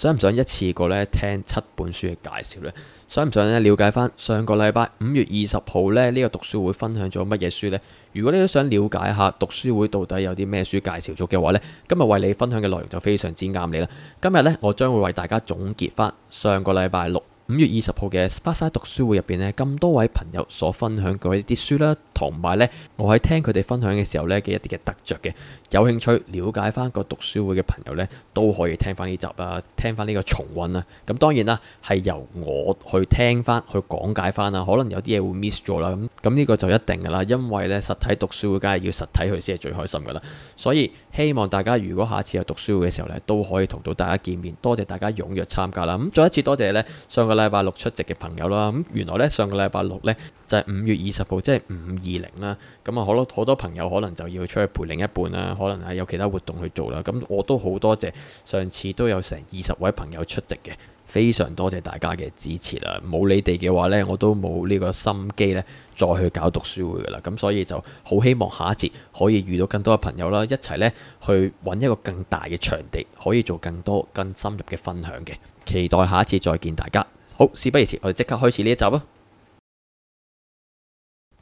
想唔想一次過咧聽七本書嘅介紹呢？想唔想咧了解翻上個禮拜五月二十號咧呢個讀書會分享咗乜嘢書呢？如果你都想了解下讀書會到底有啲咩書介紹咗嘅話呢，今日為你分享嘅內容就非常之啱你啦！今日呢，我將會為大家總結翻上個禮拜六，五月二十號嘅 Sparksine 讀書會入邊呢，咁多位朋友所分享嘅一啲書啦，同埋呢我喺聽佢哋分享嘅時候呢嘅一啲嘅得着嘅，有興趣了解翻個讀書會嘅朋友呢，都可以聽翻呢集啊，聽翻呢個重溫啊。咁當然啦，係由我去聽翻去講解翻啊，可能有啲嘢會 miss 咗啦。咁咁呢個就一定噶啦，因為呢實體讀書會梗係要實體去先係最開心噶啦。所以希望大家如果下次有讀書會嘅時候呢，都可以同到大家見面。多謝大家踴躍參加啦。咁、啊、再一次多謝呢。上個禮拜六出席嘅朋友啦，咁原來咧上個禮拜六咧就係五月二十號，即係五二零啦。咁啊，好多好多朋友可能就要出去陪另一半啦，可能係有其他活動去做啦。咁我都好多謝，上次都有成二十位朋友出席嘅，非常多謝大家嘅支持啦。冇你哋嘅話咧，我都冇呢個心機咧再去搞讀書會噶啦。咁所以就好希望下一節可以遇到更多嘅朋友啦，一齊咧去揾一個更大嘅場地，可以做更多更深入嘅分享嘅。期待下一次再見大家。好，事不宜遲，我哋即刻開始呢一集啊！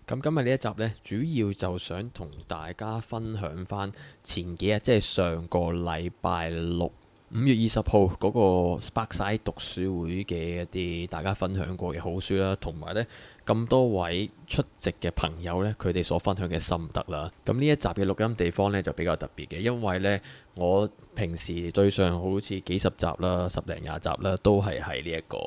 咁今日呢一集呢，主要就想同大家分享返前幾日，即係上個禮拜六五月二十號嗰、那個 Sparksine 讀書會嘅一啲大家分享過嘅好書啦，同埋呢咁多位出席嘅朋友呢，佢哋所分享嘅心得啦。咁呢一集嘅錄音地方呢，就比較特別嘅，因為呢，我平時對上好似幾十集啦，十零廿集啦，都係喺呢一個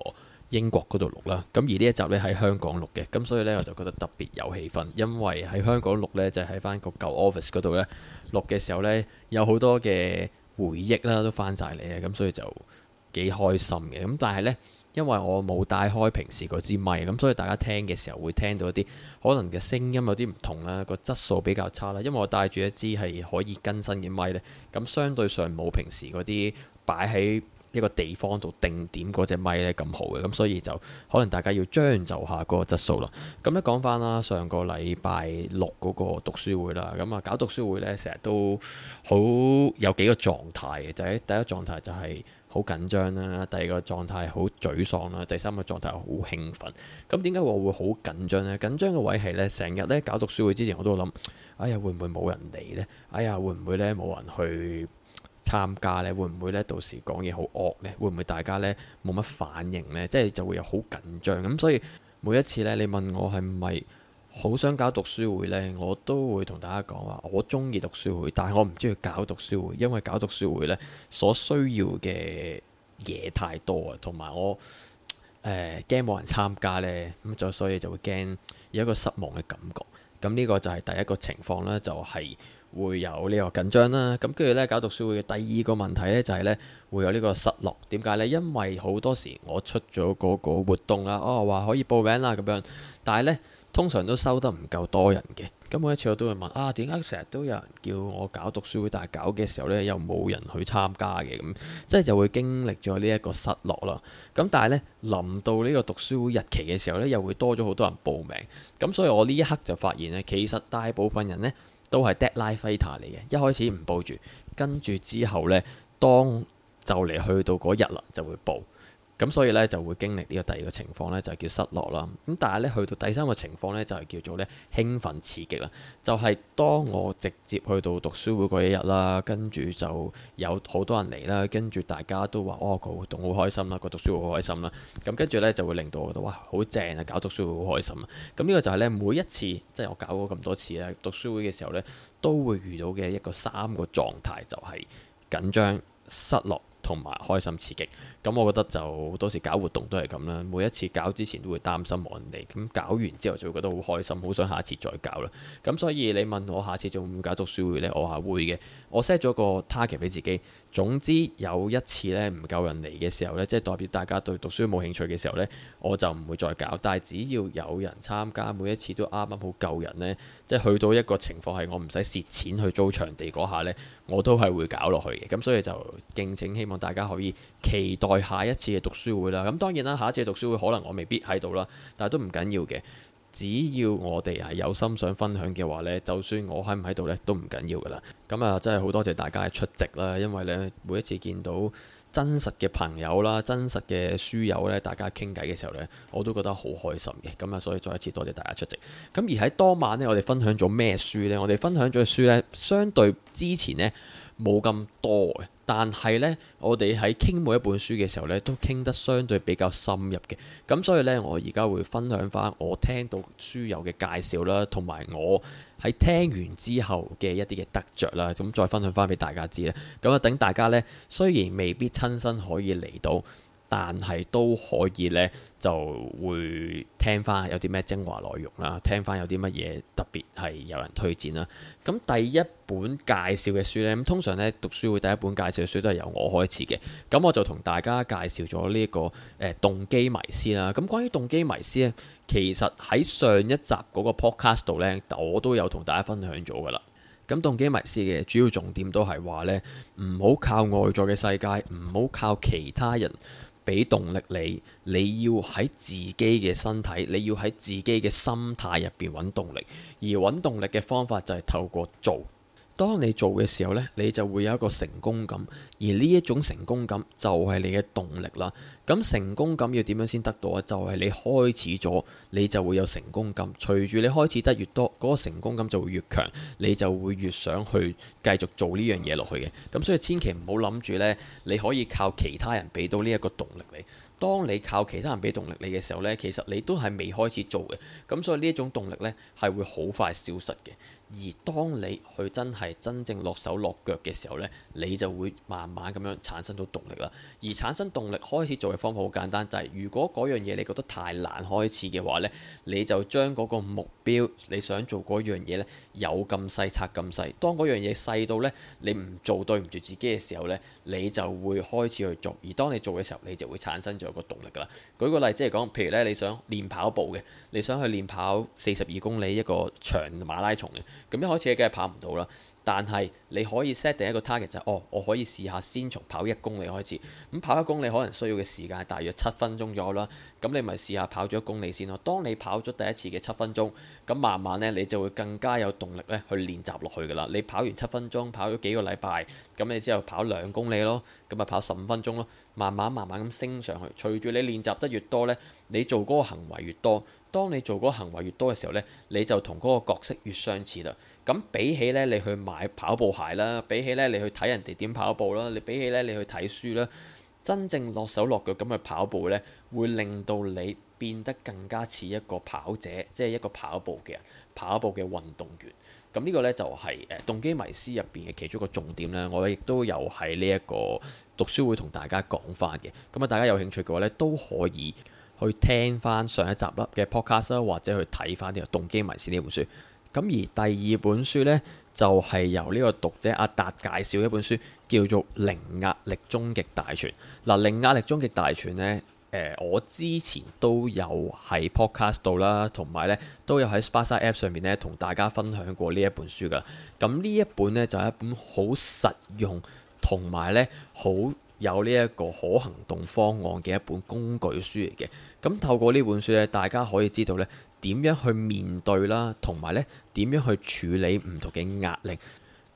英國嗰度錄啦，咁而呢一集咧喺香港錄嘅，咁所以咧我就覺得特別有氣氛，因為喺香港錄咧就係翻個舊 office 嗰度咧，錄嘅時候咧有好多嘅回憶啦，都翻晒嚟啊，咁所以就幾開心嘅。咁但係咧，因為我冇帶開平時嗰支咪，咁所以大家聽嘅時候會聽到一啲可能嘅聲音有啲唔同啦，個質素比較差啦，因為我帶住一支係可以更新嘅咪咧，咁相對上冇平時嗰啲擺喺。一個地方做定點嗰隻咪咧，咁好嘅，咁所以就可能大家要將就下嗰個質素咯。咁樣講翻啦，上個禮拜六嗰個讀書會啦，咁啊搞讀書會咧，成日都好有幾個狀態嘅，就係第一，第一狀態就係好緊張啦，第二個狀態好沮喪啦，第三個狀態好興奮。咁點解我會好緊張呢？緊張嘅位係呢，成日咧搞讀書會之前我都諗，哎呀會唔會冇人嚟呢？哎呀會唔會咧冇人去？參加咧，會唔會咧？到時講嘢好惡咧？會唔會大家咧冇乜反應咧？即係就會有好緊張。咁所以每一次咧，你問我係咪好想搞讀書會咧，我都會同大家講話，我中意讀書會，但係我唔中意搞讀書會，因為搞讀書會咧所需要嘅嘢太多啊，同埋我誒驚冇人參加咧，咁就所以就會驚有一個失望嘅感覺。咁呢個就係第一個情況啦，就係。會有呢個緊張啦，咁跟住呢，搞讀書會嘅第二個問題呢，就係呢會有呢個失落，點解呢？因為好多時我出咗嗰個活動啦，哦，話可以報名啦咁樣，但係呢，通常都收得唔夠多人嘅。咁每一次我都會問啊，點解成日都有人叫我搞讀書會，但係搞嘅時候呢，又冇人去參加嘅咁，即係就會經歷咗呢一個失落啦。咁但係呢，臨到呢個讀書會日期嘅時候呢，又會多咗好多人報名。咁所以我呢一刻就發現呢，其實大部分人呢。都係 deadline fighter 嚟嘅，一開始唔報住，跟住之後咧，當就嚟去到嗰日啦，就會報。咁所以咧就會經歷呢個第二個情況咧，就係叫失落啦。咁但係咧去到第三個情況咧，就係叫做咧興奮刺激啦。就係、是、當我直接去到讀書會嗰一日啦，跟住就有好多人嚟啦，跟住大家都話，哦，個活動好開心啦，個讀書會好開心啦。咁、嗯、跟住咧就會令到我覺得哇，好正啊！搞讀書會好開心啊！咁、嗯、呢、這個就係咧每一次即係、就是、我搞過咁多次咧讀書會嘅時候咧，都會遇到嘅一個三個狀態，就係緊張、失落同埋開心刺激。咁我覺得就好多時搞活動都係咁啦，每一次搞之前都會擔心冇人嚟，咁搞完之後就會覺得好開心，好想下一次再搞啦。咁所以你問我下次仲會唔會搞讀書會呢？我係會嘅。我 set 咗個 target 俾自己。總之有一次呢唔夠人嚟嘅時候呢，即係代表大家對讀書冇興趣嘅時候呢，我就唔會再搞。但係只要有人參加，每一次都啱啱好夠人呢。即係去到一個情況係我唔使蝕錢去租場地嗰下呢，我都係會搞落去嘅。咁所以就敬請希望大家可以期待。在下一次嘅讀書會啦，咁當然啦，下一次嘅讀書會可能我未必喺度啦，但係都唔緊要嘅。只要我哋係有心想分享嘅話呢，就算我喺唔喺度呢都唔緊要㗎啦。咁啊，真係好多謝大家嘅出席啦，因為呢，每一次見到真實嘅朋友啦、真實嘅書友呢，大家傾偈嘅時候呢，我都覺得好開心嘅。咁啊，所以再一次多謝大家出席。咁而喺當晚呢，我哋分享咗咩書呢？我哋分享咗書呢，相對之前呢冇咁多嘅。但係呢，我哋喺傾每一本書嘅時候呢，都傾得相對比較深入嘅。咁所以呢，我而家會分享翻我聽到書友嘅介紹啦，同埋我喺聽完之後嘅一啲嘅得着啦。咁再分享翻俾大家知啦。咁啊，等大家呢，雖然未必親身可以嚟到。但係都可以呢，就會聽翻有啲咩精華內容啦，聽翻有啲乜嘢特別係有人推薦啦。咁第一本介紹嘅書呢，咁通常呢，讀書會第一本介紹嘅書都係由我開始嘅。咁我就同大家介紹咗呢一個誒、呃、動機迷思啦。咁關於動機迷思呢，其實喺上一集嗰個 podcast 度呢，我都有同大家分享咗㗎啦。咁動機迷思嘅主要重點都係話呢：唔好靠外在嘅世界，唔好靠其他人，俾動力你，你要喺自己嘅身體，你要喺自己嘅心態入邊揾動力，而揾動力嘅方法就係透過做。當你做嘅時候呢，你就會有一個成功感，而呢一種成功感就係你嘅動力啦。咁成功感要點樣先得到啊？就係你開始咗，你就會有成功感。隨住你開始得越多，嗰個成功感就會越強，你就會越想去繼續做呢樣嘢落去嘅。咁所以千祈唔好諗住咧，你可以靠其他人俾到呢一個動力你。當你靠其他人俾動力你嘅時候咧，其實你都係未開始做嘅。咁所以呢一種動力咧，係會好快消失嘅。而當你去真係真正落手落腳嘅時候咧，你就會慢慢咁樣產生到動力啦。而產生動力開始做方法好簡單，就係如果嗰樣嘢你覺得太難開始嘅話呢，你就將嗰個目標，你想做嗰樣嘢呢，有咁細拆咁細。當嗰樣嘢細到呢，你唔做對唔住自己嘅時候呢，你就會開始去做。而當你做嘅時候，你就會產生咗個動力噶啦。舉個例子嚟講，譬如呢，你想練跑步嘅，你想去練跑四十二公里一個長馬拉松嘅，咁一開始你梗係跑唔到啦。但係你可以 set 第一個 target 就係，哦，我可以試下先從跑一公里開始。咁跑一公里可能需要嘅時間係大約七分鐘左右啦。咁你咪試下跑咗一公里先咯。當你跑咗第一次嘅七分鐘，咁慢慢呢，你就會更加有動力咧去練習落去㗎啦。你跑完七分鐘，跑咗幾個禮拜，咁你之後跑兩公里咯，咁咪跑十五分鐘咯。慢慢慢慢咁升上去，隨住你練習得越多呢，你做嗰個行為越多。當你做嗰個行為越多嘅時候呢，你就同嗰個角色越相似啦。咁比起呢，你去買跑步鞋啦，比起呢，你去睇人哋點跑步啦，你比起呢，你去睇書啦，真正落手落腳咁去跑步呢，會令到你變得更加似一個跑者，即係一個跑步嘅人，跑步嘅運動員。咁呢個呢，就係誒動機迷思入邊嘅其中一個重點咧。我亦都有喺呢一個讀書會同大家講翻嘅。咁啊，大家有興趣嘅話呢，都可以。去聽翻上一集啦嘅 podcast，或者去睇翻呢個《動機迷思》呢本書。咁而第二本書呢，就係、是、由呢個讀者阿達介紹一本書，叫做《零壓力終極大全》。嗱、啊，《零壓力終極大全》呢、呃，我之前都有喺 podcast 度啦，同埋呢都有喺 Sparksine App 上面呢同大家分享過呢一本書㗎。咁、啊、呢一本呢，就係、是、一本好實用，同埋呢好，有呢一個可行動方案嘅一本工具書嚟嘅，咁透過呢本書呢，大家可以知道呢點樣去面對啦，同埋呢點樣去處理唔同嘅壓力。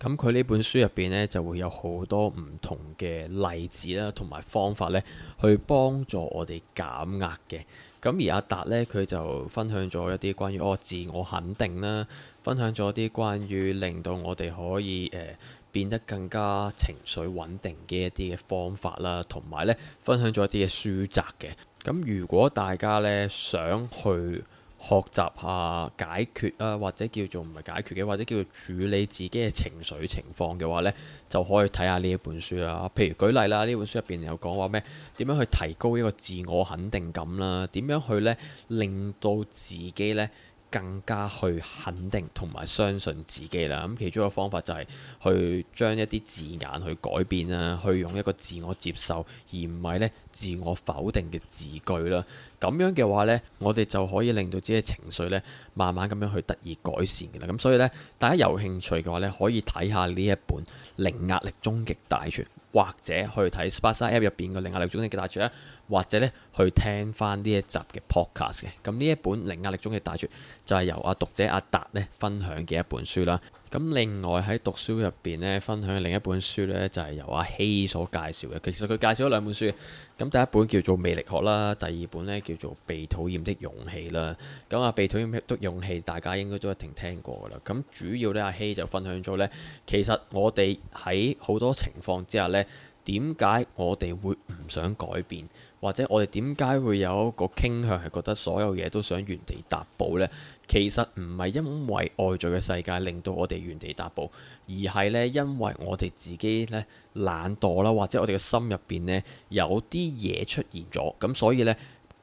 咁佢呢本書入邊呢，就會有好多唔同嘅例子啦，同埋方法呢去幫助我哋減壓嘅。咁而阿達呢，佢就分享咗一啲關於我自我肯定啦，分享咗啲關於令到我哋可以誒。呃變得更加情緒穩定嘅一啲嘅方法啦，同埋呢分享咗一啲嘅書籍嘅。咁如果大家呢想去學習下解決啊，或者叫做唔係解決嘅，或者叫做處理自己嘅情緒情況嘅話呢，就可以睇下呢一本書啦。譬如舉例啦，呢本書入邊有講話咩？點樣去提高一個自我肯定感啦？點樣去呢令到自己呢。更加去肯定同埋相信自己啦。咁其中一個方法就係去將一啲字眼去改變啦，去用一個自我接受而唔係咧自我否定嘅字句啦。咁樣嘅話呢，我哋就可以令到自己情緒呢，慢慢咁樣去得以改善嘅啦。咁所以呢，大家有興趣嘅話呢，可以睇下呢一本《零壓力終極大全》，或者去睇 Sparksine App 入邊嘅《零壓力終極大全》呀，或者呢去聽翻呢一集嘅 Podcast 嘅。咁呢一本《零壓力終極大全》就係、是、由阿、啊、讀者阿、啊、達呢分享嘅一本書啦。咁另外喺讀書入邊呢，分享另一本書呢，就係由阿希所介紹嘅。其實佢介紹咗兩本書，咁第一本叫做《魅力學》啦，第二本呢叫做《被討厭的勇氣》啦。咁啊，《被討厭的勇氣》大家應該都一定聽過啦。咁主要呢，阿希就分享咗呢，其實我哋喺好多情況之下呢，點解我哋會唔想改變，或者我哋點解會有一個傾向係覺得所有嘢都想原地踏步呢？其實唔係因為外在嘅世界令到我哋原地踏步，而係呢，因為我哋自己呢，懶惰啦，或者我哋嘅心入邊呢，有啲嘢出現咗，咁所以呢，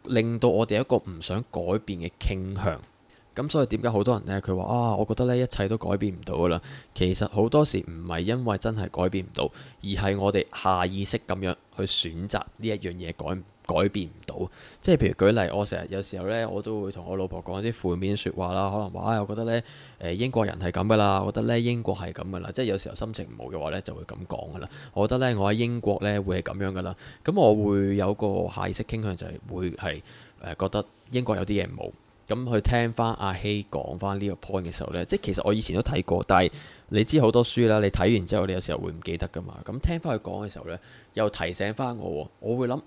令到我哋一個唔想改變嘅傾向。咁所以點解好多人呢？佢話啊，我覺得呢一切都改變唔到噶啦。其實好多時唔係因為真係改變唔到，而係我哋下意識咁樣去選擇呢一樣嘢改改變唔到。即係譬如舉例，我成日有時候呢，我都會同我老婆講一啲負面説話啦。可能話啊，我覺得呢誒英國人係咁噶啦，我覺得呢英國係咁噶啦。即係有時候心情唔好嘅話呢，就會咁講噶啦。我覺得呢，我喺英國呢會係咁樣噶啦。咁我會有個下意識傾向就係會係誒、啊、覺得英國有啲嘢唔好。咁去聽翻阿希講翻呢個 point 嘅時候呢，即係其實我以前都睇過，但係你知好多書啦，你睇完之後你有時候會唔記得噶嘛。咁聽翻佢講嘅時候呢，又提醒翻我，哦，我會諗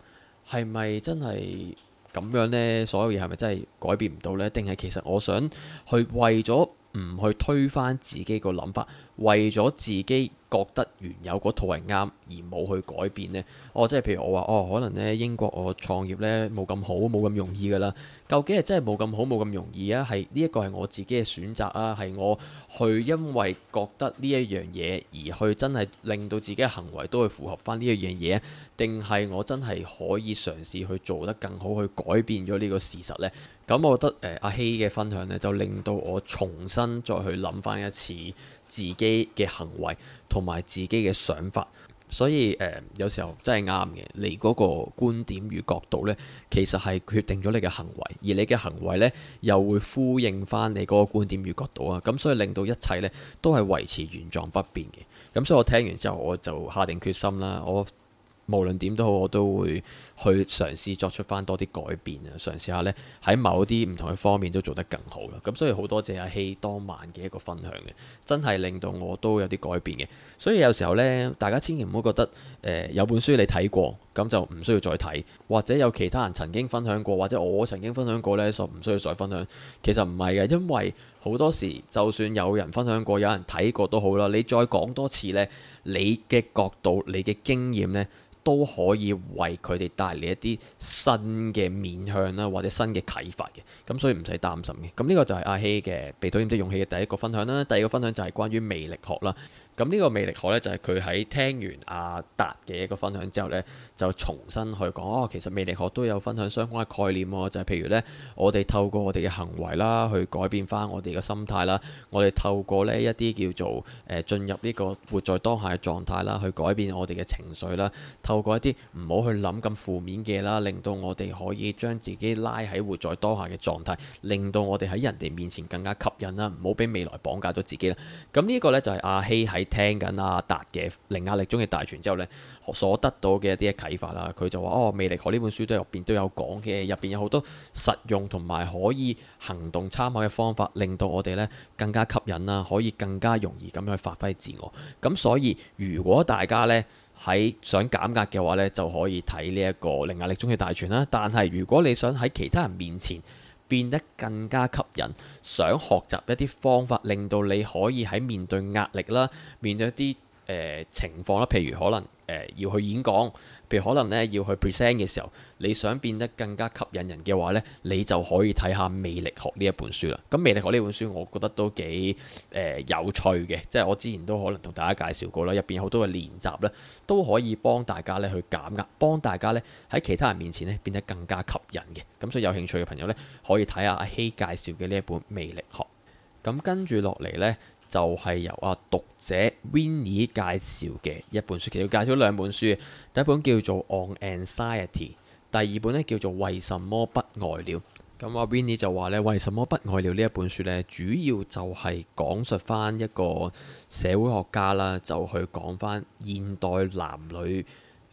係咪真係咁樣呢？所有嘢係咪真係改變唔到呢？定係其實我想去為咗唔去推翻自己個諗法？為咗自己覺得原有嗰套係啱而冇去改變呢？哦，即係譬如我話，哦，可能呢英國我創業呢冇咁好，冇咁容易㗎喇。究竟係真係冇咁好，冇咁容易啊？係呢一個係我自己嘅選擇啊，係我去因為覺得呢一樣嘢而去真係令到自己嘅行為都去符合翻呢一樣嘢，定係我真係可以嘗試去做得更好，去改變咗呢個事實呢？咁、嗯、我覺得誒、呃、阿希嘅分享呢，就令到我重新再去諗翻一次自嘅行為同埋自己嘅想法，所以誒、呃、有時候真係啱嘅。你嗰個觀點與角度呢，其實係決定咗你嘅行為，而你嘅行為呢，又會呼應返你嗰個觀點與角度啊。咁所以令到一切呢，都係維持原狀不變嘅。咁所以我聽完之後，我就下定決心啦。我無論點都好，我都會去嘗試作出翻多啲改變啊！嘗試下呢，喺某啲唔同嘅方面都做得更好嘅。咁所以好多謝阿希當晚嘅一個分享嘅，真係令到我都有啲改變嘅。所以有時候呢，大家千祈唔好覺得誒、呃、有本書你睇過，咁就唔需要再睇，或者有其他人曾經分享過，或者我曾經分享過呢，就唔需要再分享。其實唔係嘅，因為好多時就算有人分享過，有人睇過都好啦，你再講多次呢，你嘅角度、你嘅經驗呢，都可以為佢哋帶嚟一啲新嘅面向啦，或者新嘅啟發嘅，咁所以唔使擔心嘅。咁呢個就係阿希嘅被討厭嘅勇氣嘅第一個分享啦。第二個分享就係關於魅力學啦。咁呢個魅力學咧就係佢喺聽完阿達嘅一個分享之後咧，就重新去講哦。其實魅力學都有分享相關嘅概念、啊、就係、是、譬如咧，我哋透過我哋嘅行為啦，去改變翻我哋嘅心態啦，我哋透過咧一啲叫做誒進、呃、入呢個活在當下嘅狀態啦，去改變我哋嘅情緒啦，透過一啲唔好去諗咁負面嘅啦，令到我哋可以將自己拉喺活在當下嘅狀態，令到我哋喺人哋面前更加吸引啦。唔好俾未來綁架咗自己啦。咁呢一個呢就係、是、阿希喺聽緊阿達嘅《零壓力中嘅大全》之後呢，所得到嘅一啲啟發啦。佢就話：哦，魅力學呢本書都入邊都有講嘅，入邊有好多實用同埋可以行動參考嘅方法，令到我哋呢更加吸引啦，可以更加容易咁樣去發揮自我。咁所以如果大家呢……喺想減壓嘅話咧，就可以睇呢一個《零壓力中嘅大全》啦。但係如果你想喺其他人面前變得更加吸引，想學習一啲方法，令到你可以喺面對壓力啦，面對一啲。呃、情況啦，譬如可能誒、呃、要去演講，譬如可能呢要去 present 嘅時候，你想變得更加吸引人嘅話呢，你就可以睇下《魅力學》呢一本書啦。咁《魅力學》呢本書我覺得都幾、呃、有趣嘅，即係我之前都可能同大家介紹過啦，入邊好多嘅練習呢都可以幫大家呢去減壓，幫大家呢喺其他人面前呢變得更加吸引嘅。咁所以有興趣嘅朋友呢，可以睇下阿希介紹嘅呢一本《魅力學》。咁跟住落嚟呢。就係由啊讀者 Winnie 介紹嘅一本書，其實介紹咗兩本書，第一本叫做《On Anxiety》，第二本呢叫做《為什麼不愛了》。咁阿 Winnie 就話咧，《為什麼不愛了》呢一本書呢，主要就係講述翻一個社會學家啦，就去講翻現代男女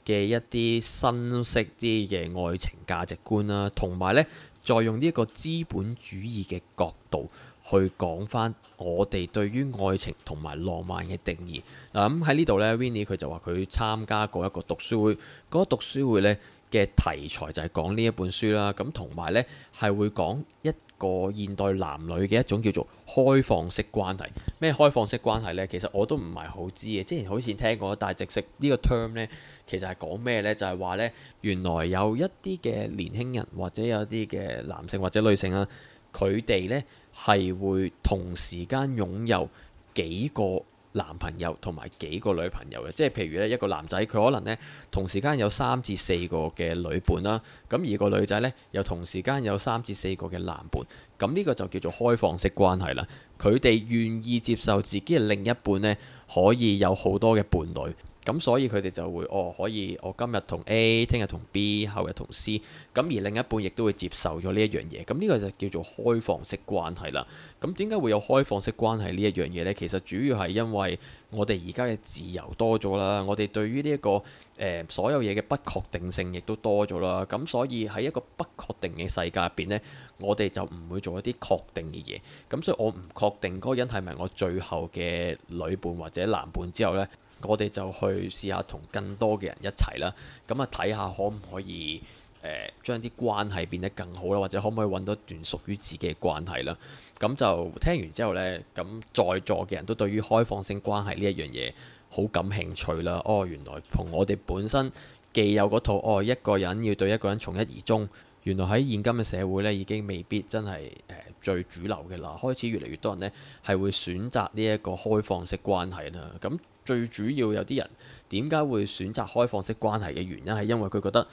嘅一啲新式啲嘅愛情價值觀啦，同埋呢，再用呢一個資本主義嘅角度。去講翻我哋對於愛情同埋浪漫嘅定義嗱，咁、嗯、喺呢度呢，Winnie 佢就話佢參加過一個讀書會，嗰個讀書會呢嘅題材就係講呢一本書啦。咁同埋呢係會講一個現代男女嘅一種叫做開放式關係。咩開放式關係呢？其實我都唔係好知嘅。之前好似聽過，但係直識呢個 term 呢，其實係講咩呢？就係、是、話呢，原來有一啲嘅年輕人或者有一啲嘅男性或者女性啊，佢哋呢。係會同時間擁有幾個男朋友同埋幾個女朋友嘅，即係譬如呢一個男仔佢可能呢同時間有三至四個嘅女伴啦，咁而個女仔呢，又同時間有三至四個嘅男伴，咁呢個就叫做開放式關係啦。佢哋願意接受自己嘅另一半呢，可以有好多嘅伴侶。咁所以佢哋就會哦，可以我今日同 A，聽日同 B，後日同 C。咁而另一半亦都會接受咗呢一樣嘢。咁呢個就叫做開放式關係啦。咁點解會有開放式關係呢一樣嘢呢？其實主要係因為我哋而家嘅自由多咗啦，我哋對於呢一個、呃、所有嘢嘅不確定性亦都多咗啦。咁所以喺一個不確定嘅世界入邊呢，我哋就唔會做一啲確定嘅嘢。咁所以我唔確定嗰個人係咪我最後嘅女伴或者男伴之後呢。我哋就去試下同更多嘅人一齊啦，咁啊睇下可唔可以誒將啲關係變得更好啦，或者可唔可以揾到一段屬於自己嘅關係啦。咁就聽完之後呢，咁在座嘅人都對於開放性關係呢一樣嘢好感興趣啦。哦，原來同我哋本身既有嗰套哦，一個人要對一個人從一而終，原來喺現今嘅社會呢，已經未必真係、呃、最主流嘅啦。開始越嚟越多人呢，係會選擇呢一個開放式關係啦。咁。最主要有啲人點解會選擇開放式關係嘅原因，係因為佢覺得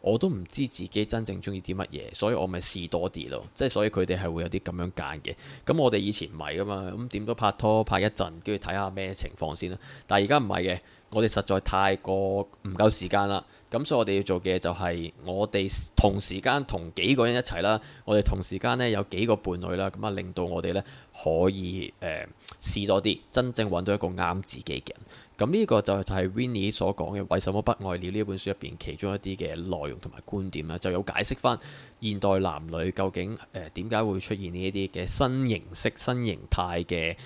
我都唔知自己真正中意啲乜嘢，所以我咪試多啲咯，即係所以佢哋係會有啲咁樣揀嘅。咁我哋以前唔係噶嘛，咁點都拍拖拍一陣，跟住睇下咩情況先啦。但係而家唔係嘅，我哋實在太過唔夠時間啦。咁所以我哋要做嘅就係我哋同時間同幾個人一齊啦，我哋同時間呢，有幾個伴侶啦，咁啊令到我哋呢，可以誒、呃、試多啲，真正揾到一個啱自己嘅人。咁、嗯、呢、呢個就就係 Winnie 所講嘅《為什麼不愛了》呢本書入邊其中一啲嘅內容同埋觀點啦，就有解釋翻現代男女究竟誒點解會出現呢一啲嘅新形式、新形態嘅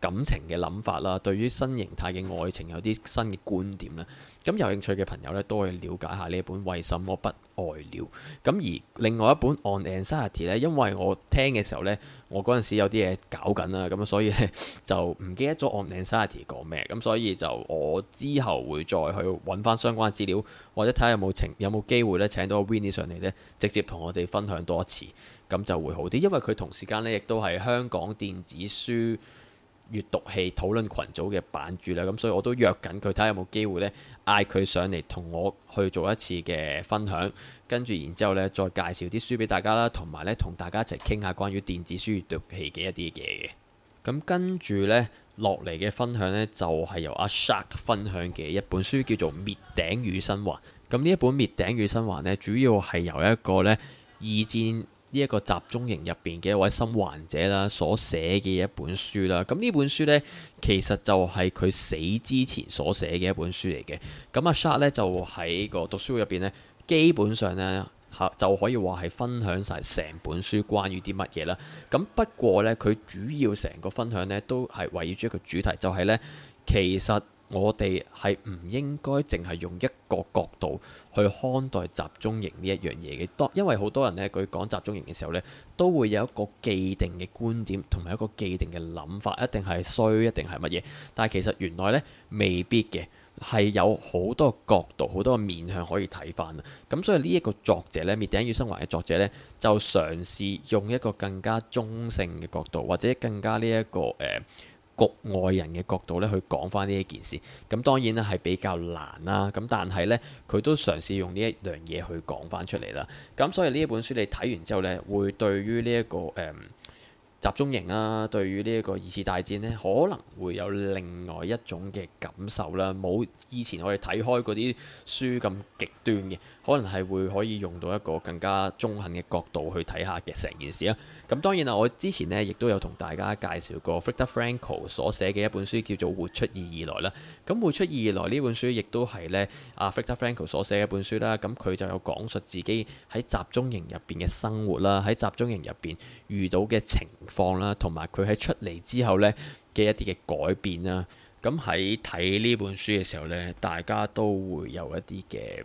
感情嘅諗法啦，對於新形態嘅愛情有啲新嘅觀點啦。咁有興趣嘅朋友呢，都可以了解下呢一本《為什麼不愛了》。咁而另外一本《On Anxiety》呢，因為我聽嘅時候呢，我嗰陣時有啲嘢搞緊啦，咁所以呢，就唔記得咗《On Anxiety》講咩，咁所以就我之後會再去揾翻相關資料，或者睇下有冇請有冇機會呢，請到 Winnie 上嚟呢，直接同我哋分享多一次，咁就會好啲。因為佢同時間呢，亦都係香港電子書。閱讀器討論群組嘅版主啦，咁所以我都約緊佢睇下有冇機會呢，嗌佢上嚟同我去做一次嘅分享，跟住然之後咧，再介紹啲書俾大家啦，同埋呢，同大家一齊傾下關於電子書閱讀器嘅一啲嘢嘅。咁跟住呢，落嚟嘅分享呢，就係、是、由阿 Shark 分享嘅一本書，叫做《滅頂與生還》。咁呢一本《滅頂與生還》呢，主要係由一個呢。二戰。呢一個集中營入邊嘅一位新患者啦，所寫嘅一本書啦，咁呢本書呢，其實就係佢死之前所寫嘅一本書嚟嘅。咁阿 Shard 咧，就喺個讀書會入邊呢，基本上呢，嚇就可以話係分享晒成本書關於啲乜嘢啦。咁不過呢，佢主要成個分享呢，都係圍繞住一個主題，就係、是、呢其實。我哋係唔應該淨係用一個角度去看待集中營呢一樣嘢嘅，當因為好多人呢，佢講集中營嘅時候呢，都會有一個既定嘅觀點同埋一個既定嘅諗法，一定係衰，一定係乜嘢。但係其實原來呢，未必嘅，係有好多角度、好多面向可以睇翻啊。咁所以呢一個作者呢，《滅頂與生還》嘅作者呢，就嘗試用一個更加中性嘅角度，或者更加呢、這、一個誒。呃局外人嘅角度咧，去講翻呢、啊、呢一件事，咁當然咧係比較難啦。咁但係呢，佢都嘗試用呢一樣嘢去講翻出嚟啦。咁所以呢一本書你睇完之後呢，會對於呢一個、嗯、集中營啊，對於呢一個二次大戰呢，可能會有另外一種嘅感受啦。冇以前我哋睇開嗰啲書咁極端嘅。可能係會可以用到一個更加中肯嘅角度去睇下嘅成件事啦。咁當然啦，我之前呢亦都有同大家介紹過 Viktor Frankl 所寫嘅一本書，叫做《活出意義來》啦。咁《活出意義來》呢本書亦都係呢阿 Viktor、啊、Frankl 所寫嘅一本書啦。咁佢就有講述自己喺集中營入邊嘅生活啦，喺集中營入邊遇到嘅情況啦，同埋佢喺出嚟之後呢嘅一啲嘅改變啦。咁喺睇呢本書嘅時候呢，大家都會有一啲嘅。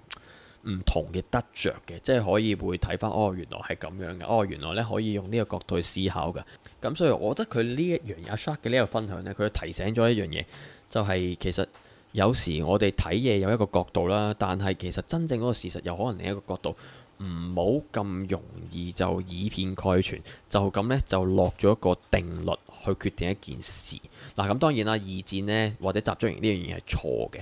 唔同嘅得着嘅，即係可以會睇翻，哦，原來係咁樣嘅，哦，原來咧可以用呢個角度去思考嘅。咁所以，我覺得佢呢一樣嘢、啊、Shark 嘅呢個分享呢，佢提醒咗一樣嘢，就係、是、其實有時我哋睇嘢有一個角度啦，但係其實真正嗰個事實有可能另一個角度。唔好咁容易就以偏概全，就咁呢就落咗一個定律去決定一件事。嗱，咁當然啦，二戰呢，或者集中營呢樣嘢係錯嘅，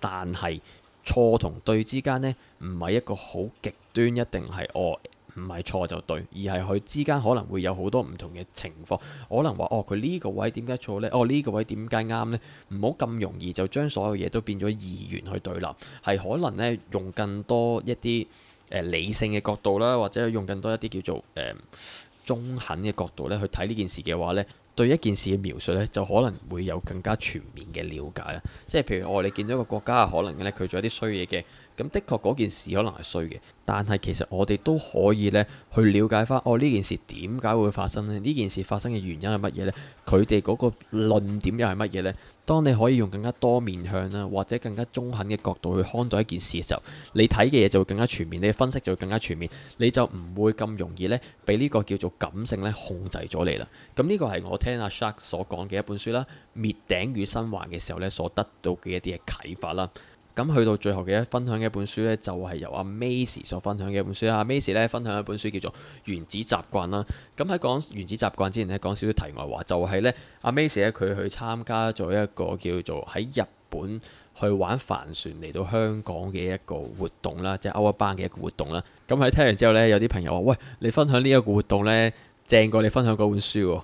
但係。錯同對之間呢，唔係一個好極端，一定係哦，唔係錯就對，而係佢之間可能會有好多唔同嘅情況，可能話哦，佢呢個位點解錯呢？哦，呢個位點解啱呢？唔好咁容易就將所有嘢都變咗二元去對立，係可能呢，用更多一啲理性嘅角度啦，或者用更多一啲叫做誒、呃、中肯嘅角度咧去睇呢件事嘅話呢。對一件事嘅描述呢，就可能會有更加全面嘅了解啦。即係譬如我哋、哦、見到一個國家，可能咧佢做一啲衰嘢嘅。咁的確嗰件事可能係衰嘅，但係其實我哋都可以呢去了解返，哦呢件事點解會發生呢？呢件事發生嘅原因係乜嘢呢？佢哋嗰個論點又係乜嘢呢？當你可以用更加多面向啦，或者更加中肯嘅角度去看待一件事嘅時候，你睇嘅嘢就會更加全面，你嘅分析就會更加全面，你就唔會咁容易呢，俾呢個叫做感性呢控制咗你啦。咁呢個係我聽阿 Shark 所講嘅一本書啦，《滅頂與生還》嘅時候呢所得到嘅一啲嘅啟發啦。咁去到最後嘅一分享嘅一本書呢，就係、是、由阿 Mais 所分享嘅一本書。阿 Mais 呢分享一本書叫做《原子習慣》啦。咁喺講《原子習慣》之前呢，講少少題外話，就係、是、呢阿 Mais 呢佢去參加咗一個叫做喺日本去玩帆船嚟到香港嘅一個活動啦，即係歐巴班嘅一個活動啦。咁喺聽完之後呢，有啲朋友話：喂，你分享呢一個活動呢，正過你分享嗰本書喎。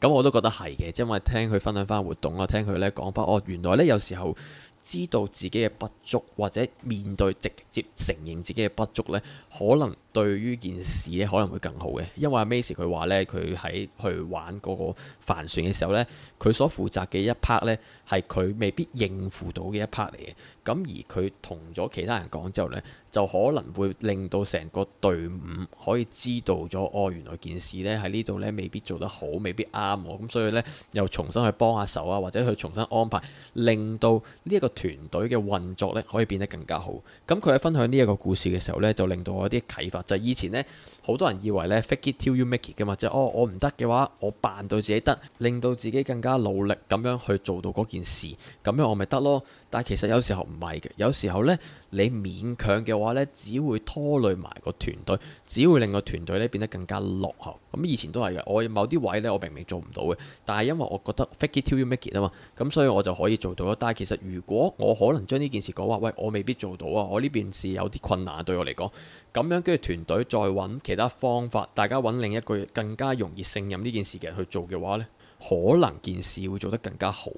咁我都覺得係嘅，因為聽佢分享返活動，我聽佢呢講返哦，原來呢有時候。知道自己嘅不足，或者面對直接承認自己嘅不足咧，可能。對於件事咧可能會更好嘅，因為阿 Macy 佢話咧，佢喺去玩嗰個帆船嘅時候咧，佢所負責嘅一 part 咧係佢未必應付到嘅一 part 嚟嘅。咁而佢同咗其他人講之後咧，就可能會令到成個隊伍可以知道咗，哦，原來件事咧喺呢度咧未必做得好，未必啱喎。咁所以咧又重新去幫下手啊，或者去重新安排，令到團隊呢一個團隊嘅運作咧可以變得更加好。咁佢喺分享呢一個故事嘅時候咧，就令到我有啲啟發。就以前咧，好多人以為咧 fake it till you make it 嘅嘛，即係哦，我唔得嘅話，我扮到自己得，令到自己更加努力咁樣去做到嗰件事，咁樣我咪得咯。但係其實有時候唔係嘅，有時候呢，你勉強嘅話呢，只會拖累埋個團隊，只會令個團隊呢變得更加落後。咁以前都係嘅，我某啲位呢，我明明做唔到嘅，但係因為我覺得 fake it till you make it 啊嘛，咁所以我就可以做到咯。但係其實如果我可能將呢件事講話，喂，我未必做到啊，我呢邊事有啲困難對我嚟講，咁樣跟住團隊再揾其他方法，大家揾另一個更加容易勝任呢件事嘅人去做嘅話呢，可能件事會做得更加好，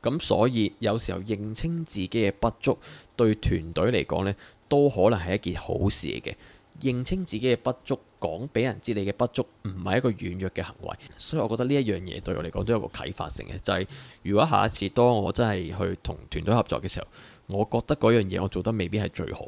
咁所以有時候認清自己嘅不足，對團隊嚟講呢，都可能係一件好事嚟嘅。認清自己嘅不足，講俾人知你嘅不足，唔係一個軟弱嘅行為。所以我覺得呢一樣嘢對我嚟講都有個啟發性嘅，就係如果下一次當我真係去同團隊合作嘅時候，我覺得嗰樣嘢我做得未必係最好，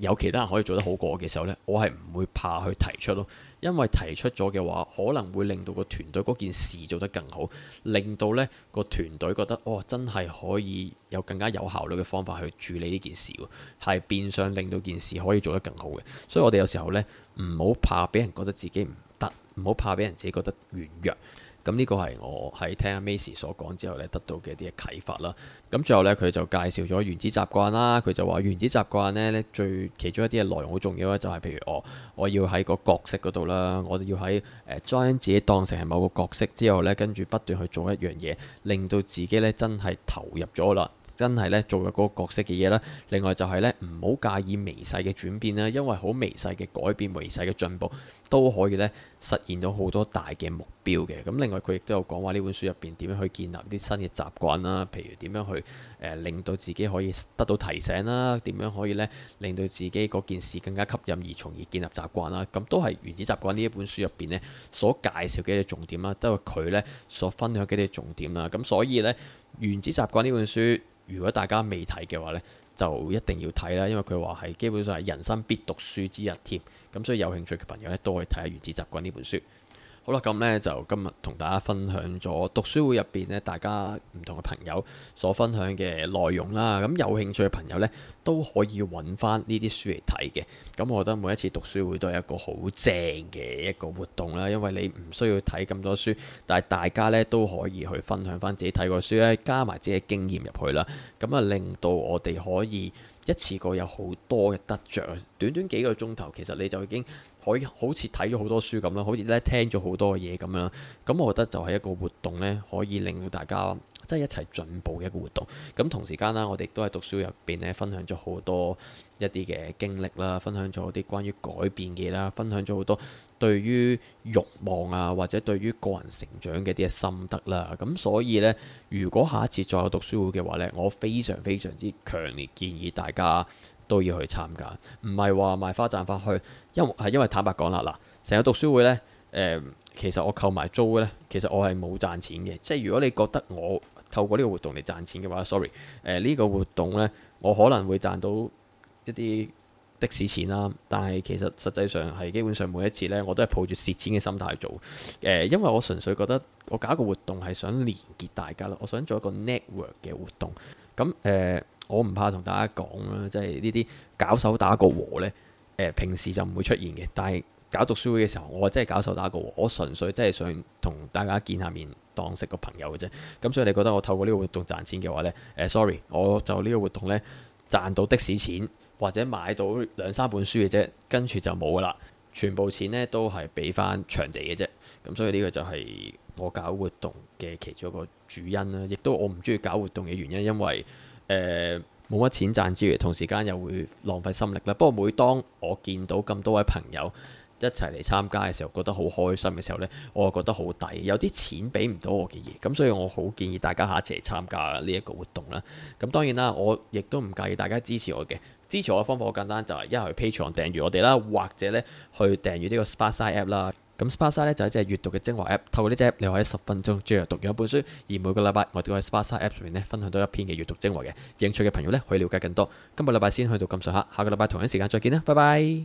有其他人可以做得好過我嘅時候呢，我係唔會怕去提出咯，因為提出咗嘅話，可能會令到個團隊嗰件事做得更好，令到呢個團隊覺得，哦，真係可以有更加有效率嘅方法去處理呢件事喎，係變相令到件事可以做得更好嘅。所以我哋有時候呢，唔好怕俾人覺得自己唔得，唔好怕俾人自己覺得軟弱。咁呢個係我喺聽阿 Mais 所講之後呢，得到嘅一啲嘅啟發啦。咁最後呢，佢就介紹咗原子習慣啦。佢就話原子習慣呢，最其中一啲嘅內容好重要啦，就係、是、譬如我我要喺個角色嗰度啦，我要喺誒、呃、將自己當成係某個角色之後呢，跟住不斷去做一樣嘢，令到自己呢真係投入咗啦。真係咧做個嗰角色嘅嘢啦。另外就係咧唔好介意微細嘅轉變啦，因為好微細嘅改變、微細嘅進步都可以咧實現到好多大嘅目標嘅。咁另外佢亦都有講話呢本書入邊點樣去建立啲新嘅習慣啦，譬如點樣去誒、呃、令到自己可以得到提醒啦，點樣可以咧令到自己嗰件事更加吸引，而從而建立習慣啦。咁都係《原子習慣》呢一本書入邊呢所介紹嘅啲重點啦，都係佢咧所分享嘅啲重點啦。咁所以呢。原子習慣呢本書，如果大家未睇嘅話呢，就一定要睇啦，因為佢話係基本上係人生必讀書之一添。咁所以有興趣嘅朋友呢，都可以睇下原子習慣呢本書。好啦，咁呢就今日同大家分享咗讀書會入邊呢大家唔同嘅朋友所分享嘅內容啦。咁有興趣嘅朋友呢都可以揾翻呢啲書嚟睇嘅。咁，我覺得每一次讀書會都係一個好正嘅一個活動啦，因為你唔需要睇咁多書，但係大家呢都可以去分享翻自己睇過書咧，加埋自己經驗入去啦。咁啊，令到我哋可以。一次過有好多嘅得着，短短幾個鐘頭，其實你就已經可以好似睇咗好多書咁啦，好似咧聽咗好多嘢咁樣啦。咁我覺得就係一個活動咧，可以令到大家。即係一齊進步嘅一個活動，咁同時間啦，我哋都喺讀書入邊咧，分享咗好多一啲嘅經歷啦，分享咗啲關於改變嘅啦，分享咗好多對於慾望啊，或者對於個人成長嘅啲心得啦。咁所以呢，如果下一次再有讀書會嘅話呢，我非常非常之強烈建議大家都要去參加，唔係話賣花賺花去，因係因為坦白講啦，嗱，成個讀書會呢，其實我扣埋租呢，其實我係冇賺錢嘅，即係如果你覺得我透過呢個活動嚟賺錢嘅話，sorry，誒、呃、呢、呢個活動呢，我可能會賺到一啲的士錢啦。但係其實實際上係基本上每一次呢，我都係抱住蝕錢嘅心態去做、呃。因為我純粹覺得我搞一個活動係想連結大家咯，我想做一個 network 嘅活動。咁、嗯、誒、呃，我唔怕同大家講啦，即係呢啲搞手打個和呢，呃、平時就唔會出現嘅。但係搞讀書會嘅時候，我真係搞手打個和，我純粹真係想同大家見下面。相識個朋友嘅啫，咁所以你覺得我透過呢個活動賺錢嘅話呢誒、呃、，sorry，我就呢個活動呢，賺到的士錢或者買到兩三本書嘅啫，跟住就冇噶啦，全部錢呢都係俾翻場地嘅啫，咁所以呢個就係我搞活動嘅其中一個主因啦、啊，亦都我唔中意搞活動嘅原因，因為誒冇乜錢賺之餘，同時間又會浪費心力啦。不過每當我見到咁多位朋友，一齊嚟參加嘅時候，覺得好開心嘅時候呢，我係覺得好抵，有啲錢俾唔到我嘅嘢，咁所以我好建議大家下次嚟參加呢一個活動啦。咁當然啦，我亦都唔介意大家支持我嘅，支持我嘅方法，好簡單就係、是、一去 Patreon 訂閱我哋啦，或者呢去訂閱呢個 Sparksine app 啦。咁 Sparksine 呢就係一隻閱讀嘅精華 app，透過呢隻 app，你可以十分鐘左右讀完一本書。而每個禮拜，我都喺 Sparksine app 上面呢分享到一篇嘅閱讀精華嘅。興趣嘅朋友呢，可以了解更多。今個禮拜先去到咁上下，下個禮拜同一時間再見啦，拜拜。